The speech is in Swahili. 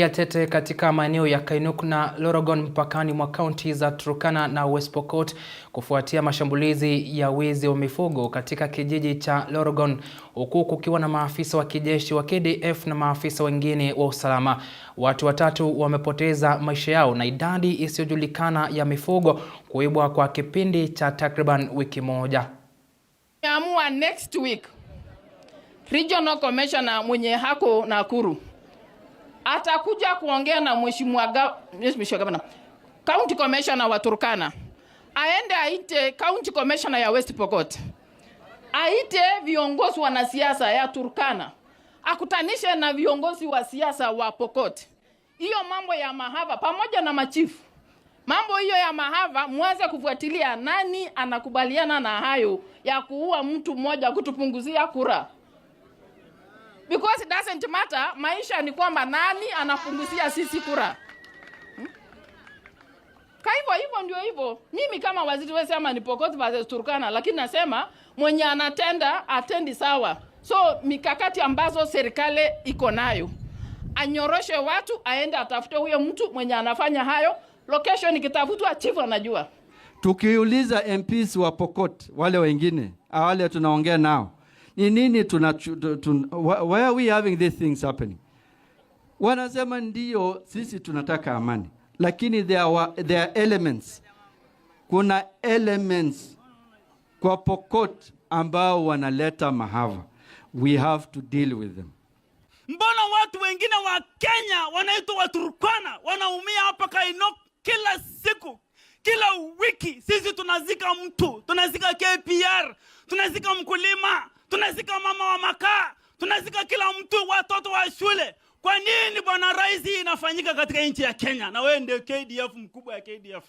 ya tete katika maeneo ya Kainuk na Lorogon mpakani mwa kaunti za Turkana na West Pokot kufuatia mashambulizi ya wizi wa mifugo katika kijiji cha Lorogon huku kukiwa na maafisa wa kijeshi wa KDF na maafisa wengine wa usalama. Watu watatu wamepoteza maisha yao na idadi isiyojulikana ya mifugo kuibwa kwa kipindi cha takriban wiki moja. next week. Regional Commissioner mwenye hako Nakuru atakuja kuongea na mheshimiwa gavana county commissioner wa Turkana, aende aite county commissioner ya West Pokot, aite viongozi wanasiasa ya Turkana, akutanishe na viongozi wa siasa wa Pokot. Hiyo mambo ya mahava pamoja na machifu, mambo hiyo ya mahava mwanze kufuatilia nani anakubaliana na hayo ya kuua mtu mmoja kutupunguzia kura because it doesn't matter. Maisha ni kwamba nani anapunguzia sisi kura hmm? Kwa hivyo hivyo ndio hivyo. Mimi kama waziri wewe sema ni Pokot versus Turkana, lakini nasema mwenye anatenda atendi sawa. So mikakati ambazo serikali iko nayo anyoroshe watu, aende atafute huyo mtu mwenye anafanya hayo. Location ikitafutwa, chifu anajua. Tukiuliza MPs wa Pokot wale wengine, wale tunaongea nao ni nini tuna, tun, why are we having these things happening? Wanasema ndio sisi tunataka amani, lakini there are, there are elements, kuna elements kwa Pokot ambao wanaleta mahava. We have to deal with them. Mbona watu wengine wa Kenya wanaitwa Waturkana wanaumia hapa kaino kila siku kila wiki? Sisi tunazika mtu, tunazika KPR, tunazika mkulima tunazika mama wa makaa, tunazika kila mtu, watoto wa shule. Kwa nini bwana rais, inafanyika katika nchi ya Kenya na wewe ndio KDF mkubwa ya KDF?